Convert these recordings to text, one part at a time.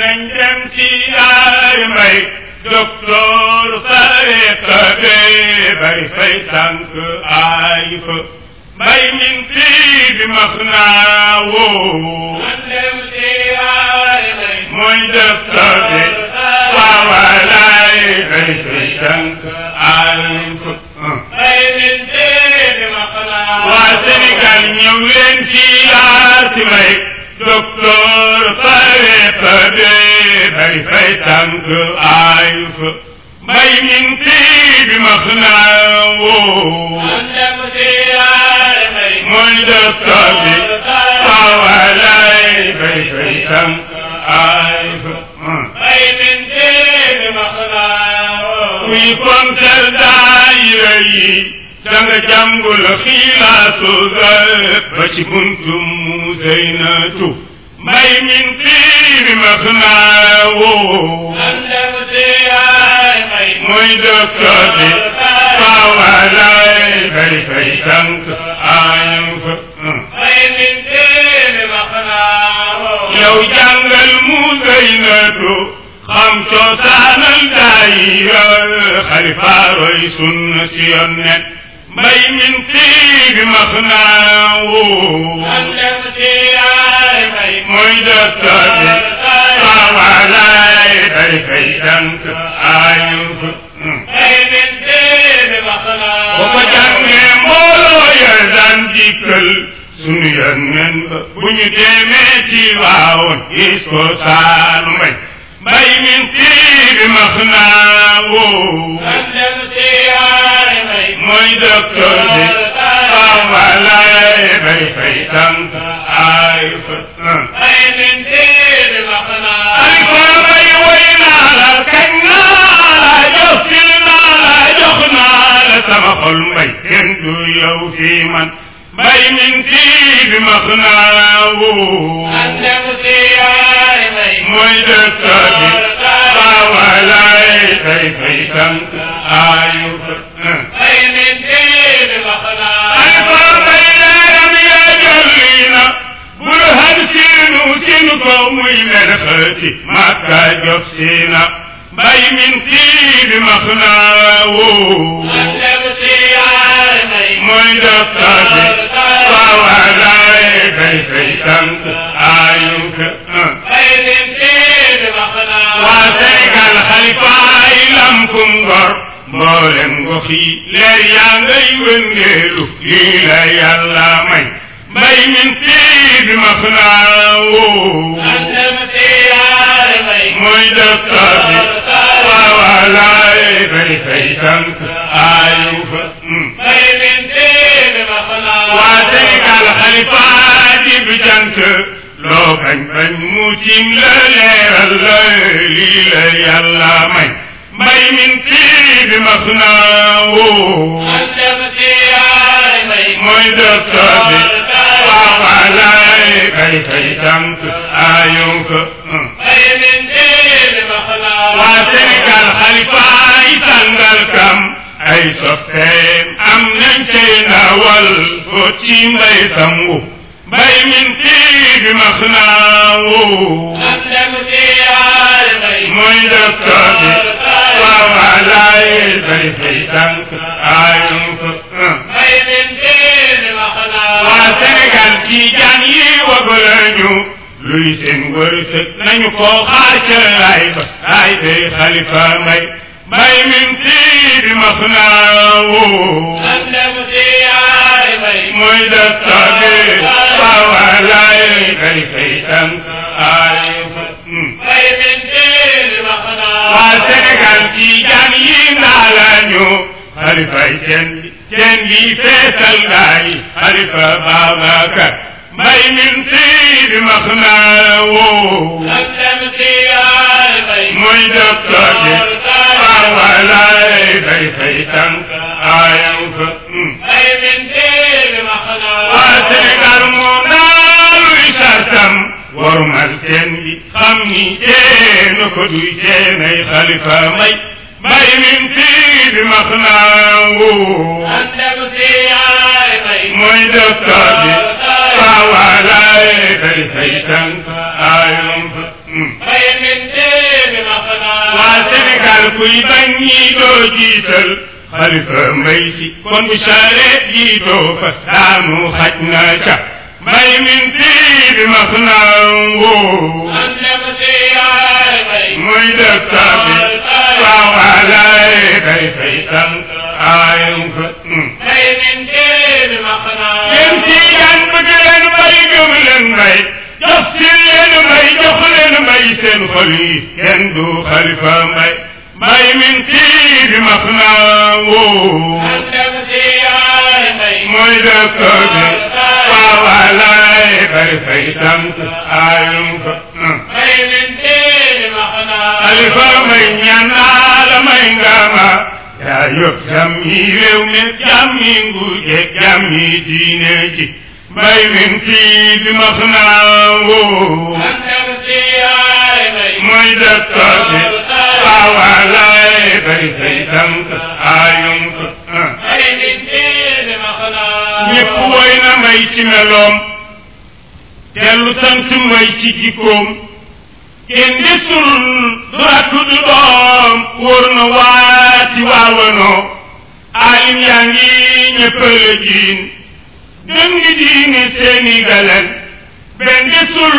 nañ dem ci yaay mbay docteur tariqa bi bay fay tànk ay fa mbay min fii bi max naa woo mooy docteur bi waawalaay bay fay tànk ay fa waa Sénégal ñëw leen ci yaay si mbay docteur tariqa bi bari fay tànk aayu fa may min tii bi max naa woo mooy docteur bi xawalay bari fay tànk aayu fa mm. may min tii bi max naa woo kuy kontel daayira yi da nga jàngul xilaasu zar ba ci buntu mu zeynatu may min fiiri max naa woo mooy docteur bi faawalaay fay tànk aayam fa may min fiiri max naa woo yow mu zeynatu xam coosaanal daayira xalifaaroy mbay min fii bi max naa woo. am dem ci yaay fay. mooy docteur bi. waawalaay day fay jànk ayub. mbay min fii bi max naa woo. boo ko jàngee mbooloo yar daan dikkal. sunu yan nen bu ñu demee ci waawoon. gis ko Saalum Mbay. mbay min bi max naa woo. lan dem si yaay bay. mooy docteur bi. bay fay tànk ay fa. mbay min bi max naa. ay fa bay woy naa la kañ xol mbay kenn du yow fii man. mbay min bi max naa woo. الدولة مكة جفسينا باي من تيب مخناو موي دفتر وعلي كيف سمت عينك باي من تيب مخناو واتيك الخليفة لم كنغر مولن وخي لا يا غير ونيلو لي لا يا لا مي mbay min fii bi ma xalaawoo. mooy docteur bi. waaw waaw laay bay fay tànk aayu fa. Hmm. mbay min fii bi ma xalaawoo. waa Sénégal xalifa ji bi jant. loo bañ bañ mu tiim la leeral la lii la yàlla may. mbay min fii bi ma xalaawoo. mooy docteur bi. وعليك كي شمس آيوك من دين مخلا وتلك الخلفاء تنقلكم ay soppeem am nañ cay naawal foo ci mbay sangu mbay min fii bi max naawu am dem ci yaare mbay mooy docteur bi waaw alaay bay fay tànk aayum ko mbay min xaadir tiijaan yi wagu lañu luy seen wërsëg nañu koo xaar ca laay ba laay bay xalifa may bay hmm. min tiidi max naawu mooy dëkka bi waawalaay xalifay tam aay waa Sénégal tiijaan yi naa lañu xalifay seen ceen gi feesal ngaay xalifa Babacar mbay min siidi max naa woo muy docteur bi waawalaay bay fay tànk aayam fa waa Sénégal moo naa luy sartam warmal ceen bi xam ni ceenu ko duy ceenay xalifa may bay min fii bi max naawu mooy dëkka hmm. bi faawalaay bay fay tànk aayam fa waa Sénégal kuy bañ ñi doo jiital xalifa mbay si kon bu saare jiitoo fa daanu xaj na ca bay min fii bi max naawu mooy dëkka bi seen xol yi kenn du xalifa max naa woo mooy dëkkoo bi waawalaay bari fay sant aayum ko xalifa may ñaan may ngama yaa yóbbu jàmm yi réew mi jàmm yi nguur gi jàmm بين سيد مخناه مجدك حوالي بيسيتم آيوم ñépp woy na may ci meloom dellu sant may ci jikkoom kenn desul du rakk du doom wóor na waati waawanoo alim yaa ngi ñépp la doomi diine Sénégal ak benn desul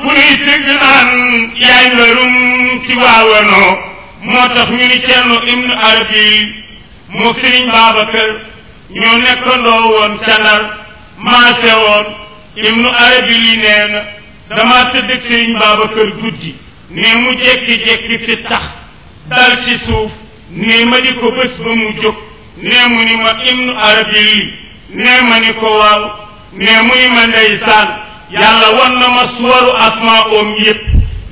ku nuy tëgg naan yaay mbarum ci waawanoo moo tax ñu ni Cerno Ibnu Arabi moo Sëriñ Babacar ñoo nekkandoo woon ca Ndar maase woon Ibnu Arabi li nee na dama tëdd ak Sëriñ Babacar guddi ne mu jekki-jekki fi dal ci suuf ne ma di ko bés ba mu jóg ne mu ni ma Ibnu Arabi nee ma ni ko waaw nee mu ni ma ndeysaan yàlla wan na ma suwaru asmaa oom yëpp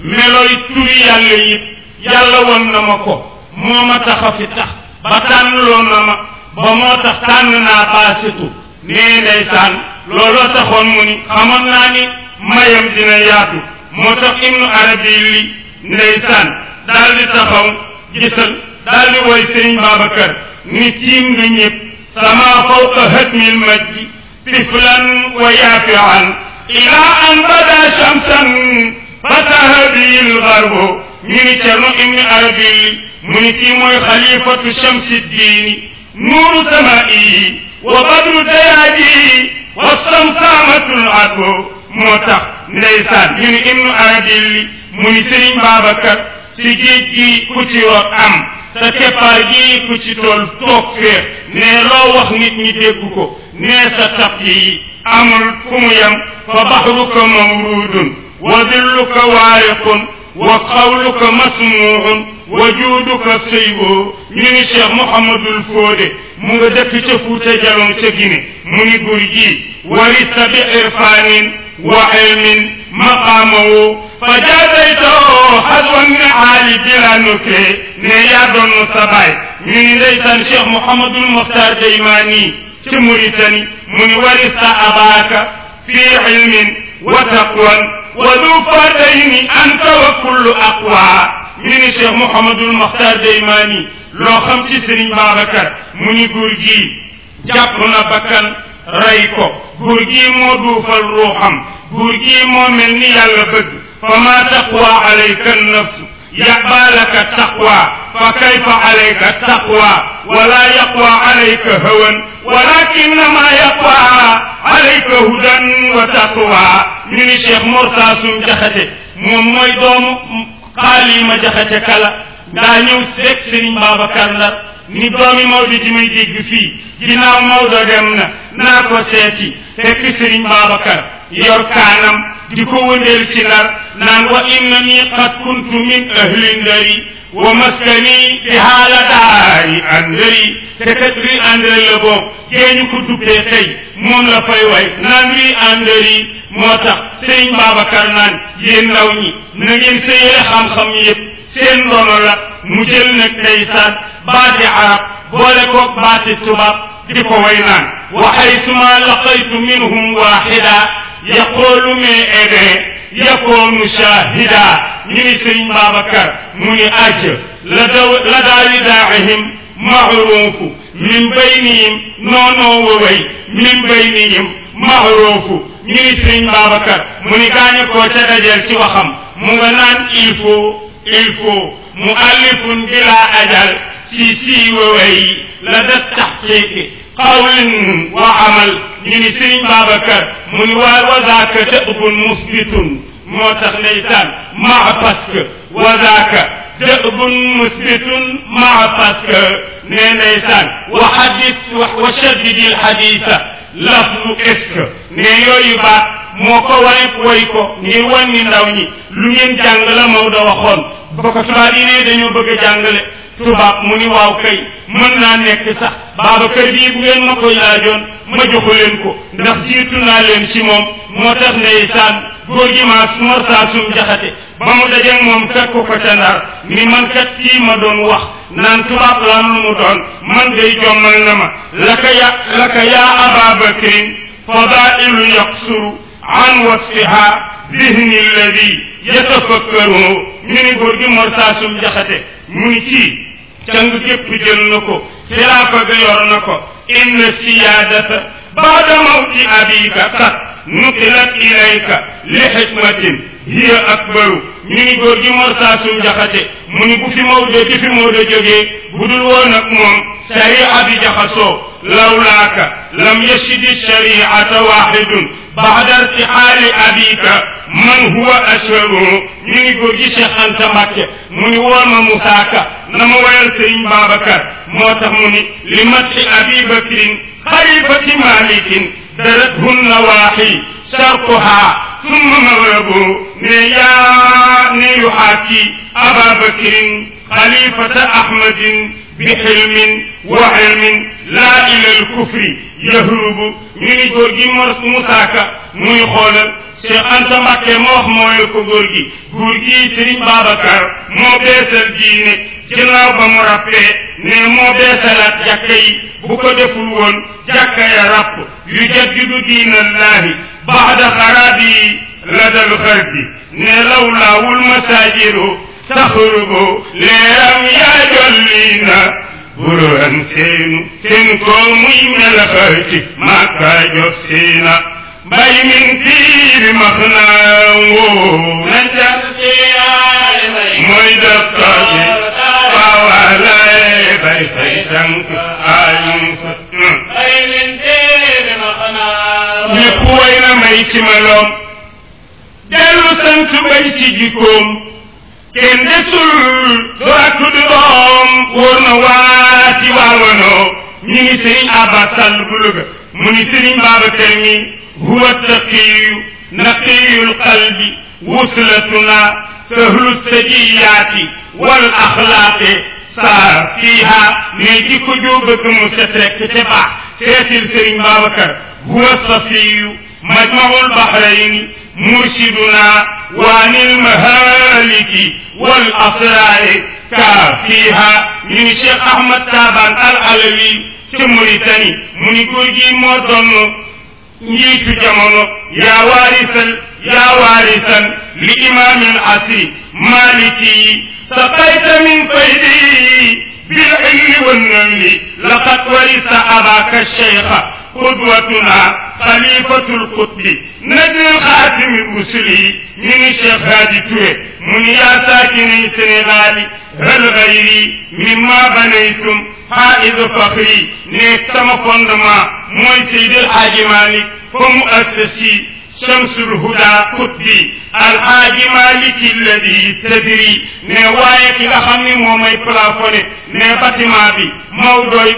melooy turi yàlla yëpp yàlla wan na ma ko moo ma tax a fi tax ba tànnloo na ma ba moo tax tànn naa baasitu nee ndeysaan looloo taxoon mu ni xamoon naa ni mayam dina yaatu moo tax ibnu arabi li ndeysaan daal di gisal daal di woy sëriñ Babacar ni tiim nga ñëpp sama fawqa hatmil majdi tiflan wa yaafian ila an bada shamsan fatahabi lgarbu ñu ni Cerno Ibnu Arabi mu ni kii mooy xalifatu shamsi diini nuuru samaa'i wa badru dayaadi wa samsaamatul adbu moo tax ndeysaan ñu ni Ibnu Arabi mu ni Sëriñ Babacar si géej gi ku ci root am sa keppaar gi ku ci tool toog féex ne loo wax nit ñi dégg ne sa tap yi amul fu mu yem fa baxruka wa dilluka waariqun wa xawluka masmuuxun wa juuduka sëyboo ñu ngi cheikh mouhamadul fóode mu nga dëkk ca fuuta jalon mu ni gur jii warisa bi irfaanin wa ilmin maqaamawo fa jaadaytoo xadwan nihaali bila nukkee ne yaa doon sa baay mi ngi ndeysaan Cheikh Mouhamadul Mokhtar Daymaani ca Mauritanie mu ni warista abaaka fi ilmin wa taqwan wa du fardayni anta wa kullu aqwa mi ni Cheikh Mouhamadul Mokhtar Daymaani loo xam ci Serigne Babacar mu ni góor gii jàpp na bakkan rey ko góor gii moo duufal ruuxam góor gii moo mel ni yàlla bëgg fa maa taqwa alayka nafsu يقبالك التقوى فكيف عليك التقوى ولا يقوى عليك هوى ولكنما يقوى عليك هدى وتقوى من الشيخ مرسى سن جخته موم موي دوم قالي ما جخته كلا دا نيو سيك سيرين بابا كاندر ni doomi Maodo ji may dégg fii ginnaaw Maodo dem na naa ko seeti fekk Serigne Babacar yor kaanam di ko wëndeel ci lar naan wa innani qad kuntu min ahli ndari wa maskani bi haala daari andari te ri andari la boobu géeñu ko dubbee tey la fay way naan ri andari moo tax sëriñ Babacar naan yéen ndaw ñi na ngeen sëyee xam-xam yëpp seen ndono mu jël nag tey saan baati arab boole ko baati tubaab di ko naan wa xaysuma laqaytu minhum waaxida yaqoolu mee ede yakoonu shahida ñu ni sëriñ Babacar mu ni ajj la daw la daawi daahihim mahruufu min baynihim noonoo waway min baynihim mahruufu ñu ni sëriñ Babacar mu ni gaañe koo ca dajeel ci waxam mu nga naan il faut il faut mu allifun bila ajal si siiwaway la da taxqiqi qawlin wa amal ñu ni sëriñ Babacar mu ni waa wazaaka dëbun musbitun moo tax ndeysaan maa paske wazaaka dëbun musbitun maa paske nee ndeysaan wa xadit wa shaddidil xadita lafdu est ne yooyu baat moo ko waneeg woy ko ngir wan ni ndaw ñi lu ngeen jàng la Maodo waxoon ba ko tubaab yi ne dañoo bëgg tubaab mu ni waaw kay mën naa nekk sax Babacar bii bu ngeen ma koy laajoon ma joxu leen ko ndax jiitu naa leen ci moom moo tax ndeysaan góor gi maas Mor Jaxate ba mu dajeeg moom fekk ko ca Ndar ni man kat kii ma doon wax naan tubaab laa lu mu doon man day jommal na ma laka ya laka yaa Ababakrin fadailu yaqsuru an wasfiha dihni alladi yatafakkaru ñu ni góor gi Mor Jaxate mu ni càng gépp jël na ko xilaafa ga yor na ko inna siyaadata baada mawti abika kat nuqilat ilayka li xikmatin hiya akbaru ñu ngi góor gi mor saasum jaxate mu ni bu fi Maodo ci fi Maodo jógee bu dul woon ak moom sharia bi jaxasoo lawlaaka lam yashidi shariata waxidun بعد ارتحال أبيك من هو أشهر ñu ngi góor gi Cheikh Anta Mbacke mu ni woon ma Musaaka na ma wayal sëriñ Babacar moo tax mu ni li mati Abi Bakrin xalifati Malikin darat hun nawaaxi sharquha summa mawlabu ne yaa ne yuxaaki Aba Bakrin xalifata Ahmadin بحلم وعلم لا إلى الكفر يهرب من جورجي مساكا muy xoolal Cheikh Anta Mbacke moo wax mooy ko góor gi góor gi Serigne Babacar moo beesal diine ginnaaw ba mu ràppee ne moo beesalaat jàkka yi bu ko deful woon jàkka ya ràpp yu jaddidu diinallaahi baxda xaraabi ladal xarbi ne law laawul masaajiru taxurubu leeram yaa jolli na bururan seenu seen ko muy melaxati màkkaa jox seena bay min tiiri max naa woo mooy daftaaji waawaalee bay fay tànk aayum fa lépp way na may ci maloom dellu sant bay ci jikkoom kenn desul du ak du doom wóor na waa ci waawanoo ñi ngi sëriñ Abbas Sall bu Louga mu ni sëriñ Babacar mi huwa taqiyu naqiyul qalbi wuslatuna sahlu sajiyaati wal axlaaqi saar fiiha ne di ko jóobëkk mu set rekk ca baax seetil sëriñ Babacar huwa safiyu majmaul bahrayni مرشدنا وعن المهالك والأسرار كافيها من الشيخ أحمد تابان العلوي ci Mauritanie mu ni góor gi moo doon njiitu jamono yaa waarisan yaa waarisan li imaamil asri maliki saqayta min faydi bil ilmi wan nayli laqad warisa abaka cheikha qudwatuna xalifatul xutbi najul xaatimi usuli ñu ngi Cheikh Hadi Touré mu ni yaa saakini Sénégal yi hal gayri mimma banaytum xaaidu faxri ne sama fondement mooy Seydil Haaji Malik fa mu assasi Shamsul Huda xutbi alhaaji Maliki alladi tadri ne waaye ki nga xam ni moo may plafonné ne bâtiment bi Maodoy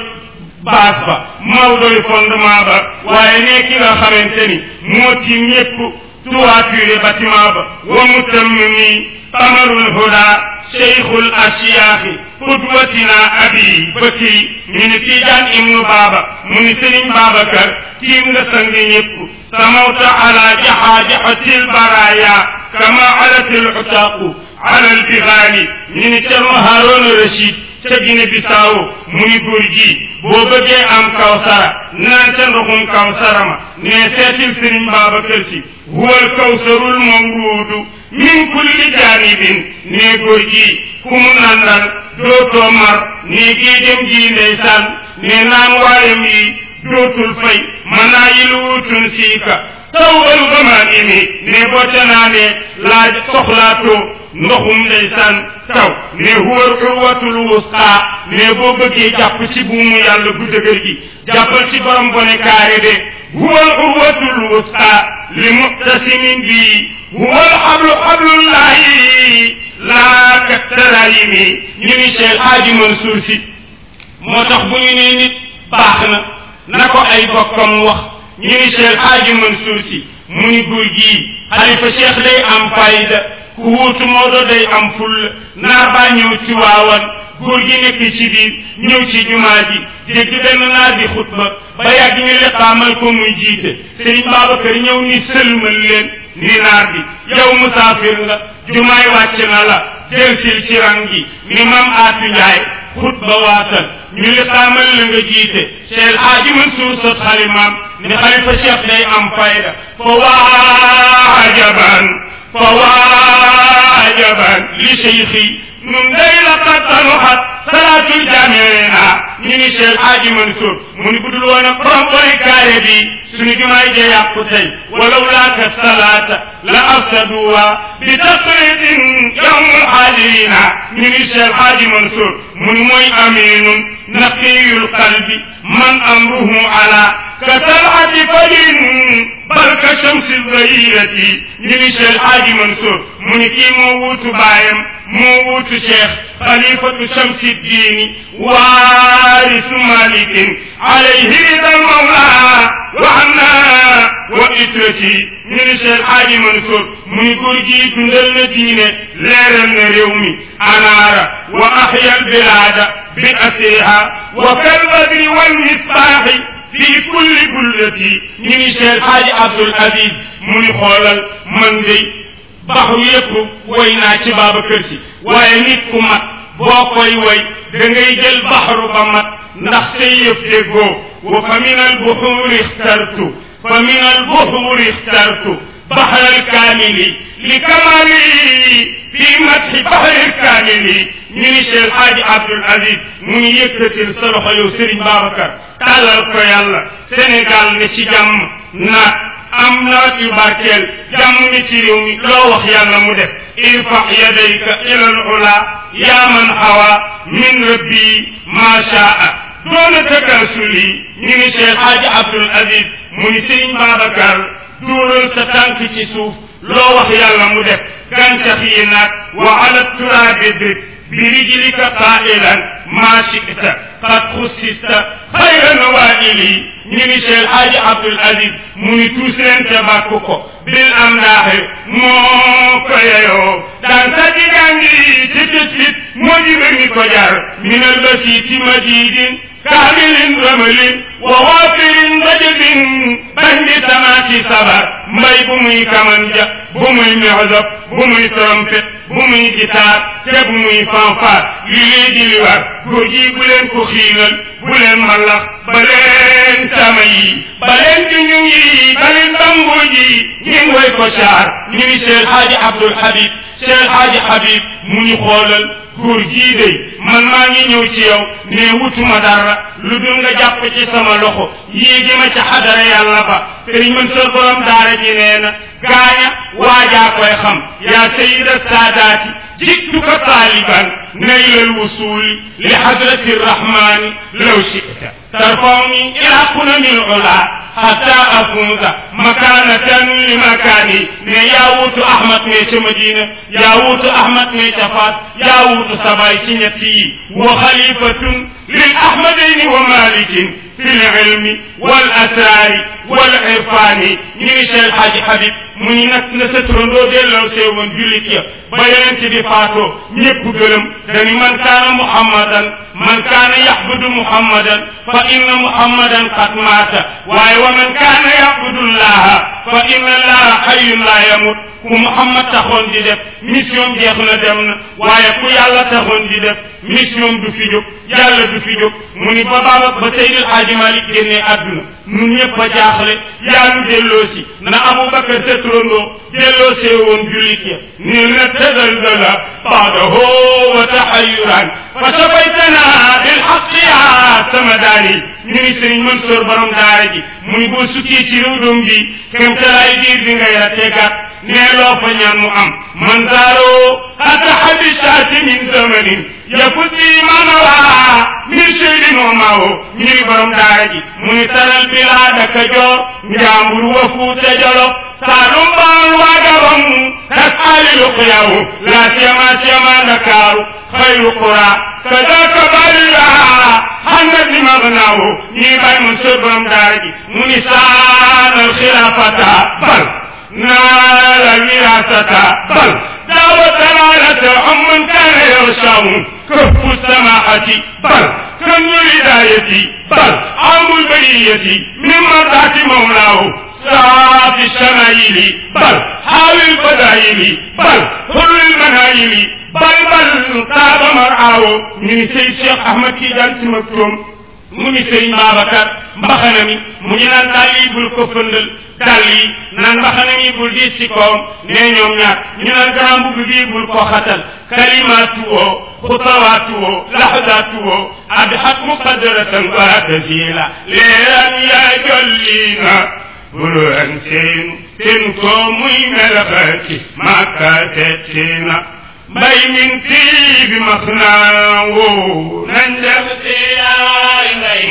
base ba Maodoy fondement ba waaye ne ki nga xamante ni moo tiim ñépp tuwaature bâtiment ba wa mutammimi tamarul huda cheikhul asiyaahi qudwatina abi bakiri ñu ni Tijaan ibnu Baaba mu ni Sëriñ Babacar tiim nga sang ñépp samawta ala jaxaajaxatil baraya kama alatil xutaaqu ala albigaani ñu ni Cerno Haroona Rachid ca Gine Bisaaw muy góor gi boo bëggee am kawsara naan ca ndoxum kawsara ma ne seetil sëriñ Babacar Si huwal kawsarul mawruudu min kulli jaanibin ne góor gi ku mu naan dal dootoo gii dem gii ndeysaan naan waayam yi dootul fay manaa yi lu wutun siika tawbalu gamaani mi ne boo ca naanee laaj soxlaatoo ndoxum ndeysaan taw ne huwal urwatul wusqa ne boo bëggee jàpp ci buumu yàlla gu dëgër gi jàppal ci borom bonekaare de huwal urwatul wusqa li muctasimin bi huwal xablu xablullahi laa kattarayimi ñu ni Cheikh Hadji Mansour moo tax bu ñu nit baax na na ko ay bokkam wax ñu ni Cheikh Hadji Mansour Sy mu ni gi gii xalifa cheikh day am fayda ku wuutu Maodo day am fulla naar baa ñëw ci waawan góor gi nekk ci biir ñëw ci jumaa ji dégg benn naar di xutba ba yàgg ñu liqaamal ko muy jiite sëriñ Babacar ñëw ni sëlmal leen ni naar bi yow musaafir nga jumaay wàcc na la delsil ci rang gi ni maam Aatu xutba waatal ñu li xaamal la nga jiite seel aaji Mansuur sot xalimaam ni xalifa cheikh day am fayda fa waajaban fa waajaban li cheikhi nun day la qad tanuxat salaatul jamee ministère Hadji Mansour mu ni budul woon ak borom barikaare bi a jumaay ja a tey walaw laaka salaata la afsaduwa bi taqridin yawmul xaadiriina ministère Hadji Mansour aminun naqiyul qalbi man amruhu ala ka talati falin bal ka shamsi zahirati ñu ngi Cheikh Haaji Mansour mu ni kii moo wuutu baayam moo wuutu Cheikh xalifatu shamsi diini waarisu malikin alayhi ridal mawla wa anna wa itrati ñu ni Cheikh Haaji Mansour mu ni góor gi dundal na diine leeral na réew mi anaara wa ahya al bilaada بأسرها وكالبدر والمصباح في كل بلدتي ñu ngi Cheikh Hadji Abdoul Aziz mu ni xoolal man de baxru yépp woy naa ci Babacar Si waaye nit ku mat boo koy woy da ngay jël baxru ba mat ndax say yëf déggoo wa fa min al buxuuri ixtartu fa min al buxuuri ixtartu بحر الكامل لكمالي في مدح بحر الكامل ñu ni Cheikh Hadji Abdoul Aziz mu ngi yëkkatil sa loxo yow Serigne Babacar tàllal ko yàlla Sénégal ci jàmm naat am nawet yu barkeel jàmm ni ci réew mi loo wax yàlla mu def irfax yadayka ilal ula yaa man hawa min rabbi ma shaa doona takasuli ñu ni Cheikh Hadji Abdoul Aziz mu ni Serigne Babacar duural sa tànk ci suuf loo wax yàlla mu def gàncax yi naat wa ala turaabi drib برجلك قائلا ما شئت قد خصصت خير نوائلي نمشي الحاج عبد العزيز مني توسلن تباكوكو بالأملاح موكو يو دان تجدني تتسفت مجبني كجار من البسيط مجيد كامل رمل ووافر رجب بند سماك سبر مي بمي كمنجة بمي معزب بمي ترمفت bu muy gitaar te bu muy fanfaar li lii li war góor bu leen ko xiinal bu leen malax ba leen tama yi ba leen juñu yi ba leen bambu ji woy ko caar ñu ngi Cheikh Hadji Abdoul Habib Cheikh Hadji mu ñu xoolal góor gii dey man maa ngi ñëw ci yow ne wutuma dara lu dul nga jàpp ci sama loxo yéegi ma ca xadara yàlla ba sëriñ man sa borom daara ji nee gaaña waajaa koy xam yaa sayida saadaati jittuka taaliban naylal wusuuli li hadrati rahmaani law shita tarfawni ila qunamil ula hatta akunza makanatan li makani ne yaa wuutu ahmad ne ca madina yaa wuutu ahmad ne ca faas yaa wuutu sabaay ci ñett yi wa xalifatun lil ahmadayni wa malikin fi l ilmi wal asraari wal irfaani ñu ngi Cheikh Hadji Habib mu ni nag na sa turandoo delloo seewoon jullit ya ba yonent bi faatoo ñépp gërëm dani man kaana muhammadan man kaana yaxbudu muhammadan fa inna muhammadan qad maata waaye wa man kaana yaxbudullaha fa inna allaha xayyun laa yamut ku muhammad taxoon di def mission jeex na dem na waaye ku yàlla taxoon di def mission du fi jóg yàlla du fi jóg mu ni ba baaba ba Seydil Hadji Malick génnee àdduna nun ñépp a jaaxle yàlla delloo si na Abubakar turandoo delloo seewoon jullit ña ni na tazalzala baadaho wa fa sabaytana lil xaq ya sama daani ñu ngi sëriñ Mansoor borom daara ji muy ci réew bi kem talaay diir bi ngay ratteekat nee loo fa mu am من زاروا أتح بشاة من زمن يفوت إيمان من شيء وماهو من برم داجي من ترى البلاد كجور نعمر وفوت جرو سالم بان وقبم نسأل لقياه لا سيما سيما نكارو خير قرى كذاك بلا حنك مغناه نيبا من سبرم داجي من سان الخلافة بل نال الوراثة بل دعوة العالة عمن كان يغشاه كف السماحة بل كن الهداية بل عام البرية من مرضاة مولاه ساعات الشمائل بل حال البدائل بل حر المنائل بل بل طاب مرعاه من سيد الشيخ أحمد كيدان سمكتم mu ngi sëriñ Babacar mbaxana mu ngi naan dàll yi bul ko fëndal dàll yi naan mbaxana mi bul diis ci koom nee ñoom ñaar ñu naan grand mbubb bii bul ko xatal kalimaatu woo xutawaatu woo laxdaatu woo adhat muqadaratan waatasiila leeram yaa jolliina bulu an seen seen ko muy siina mbay mi bi max naa woo nañ def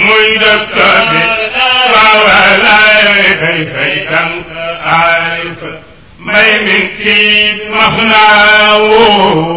muy dëkk bi waaw laay fay fay ay fa mbay mi bi max naa woo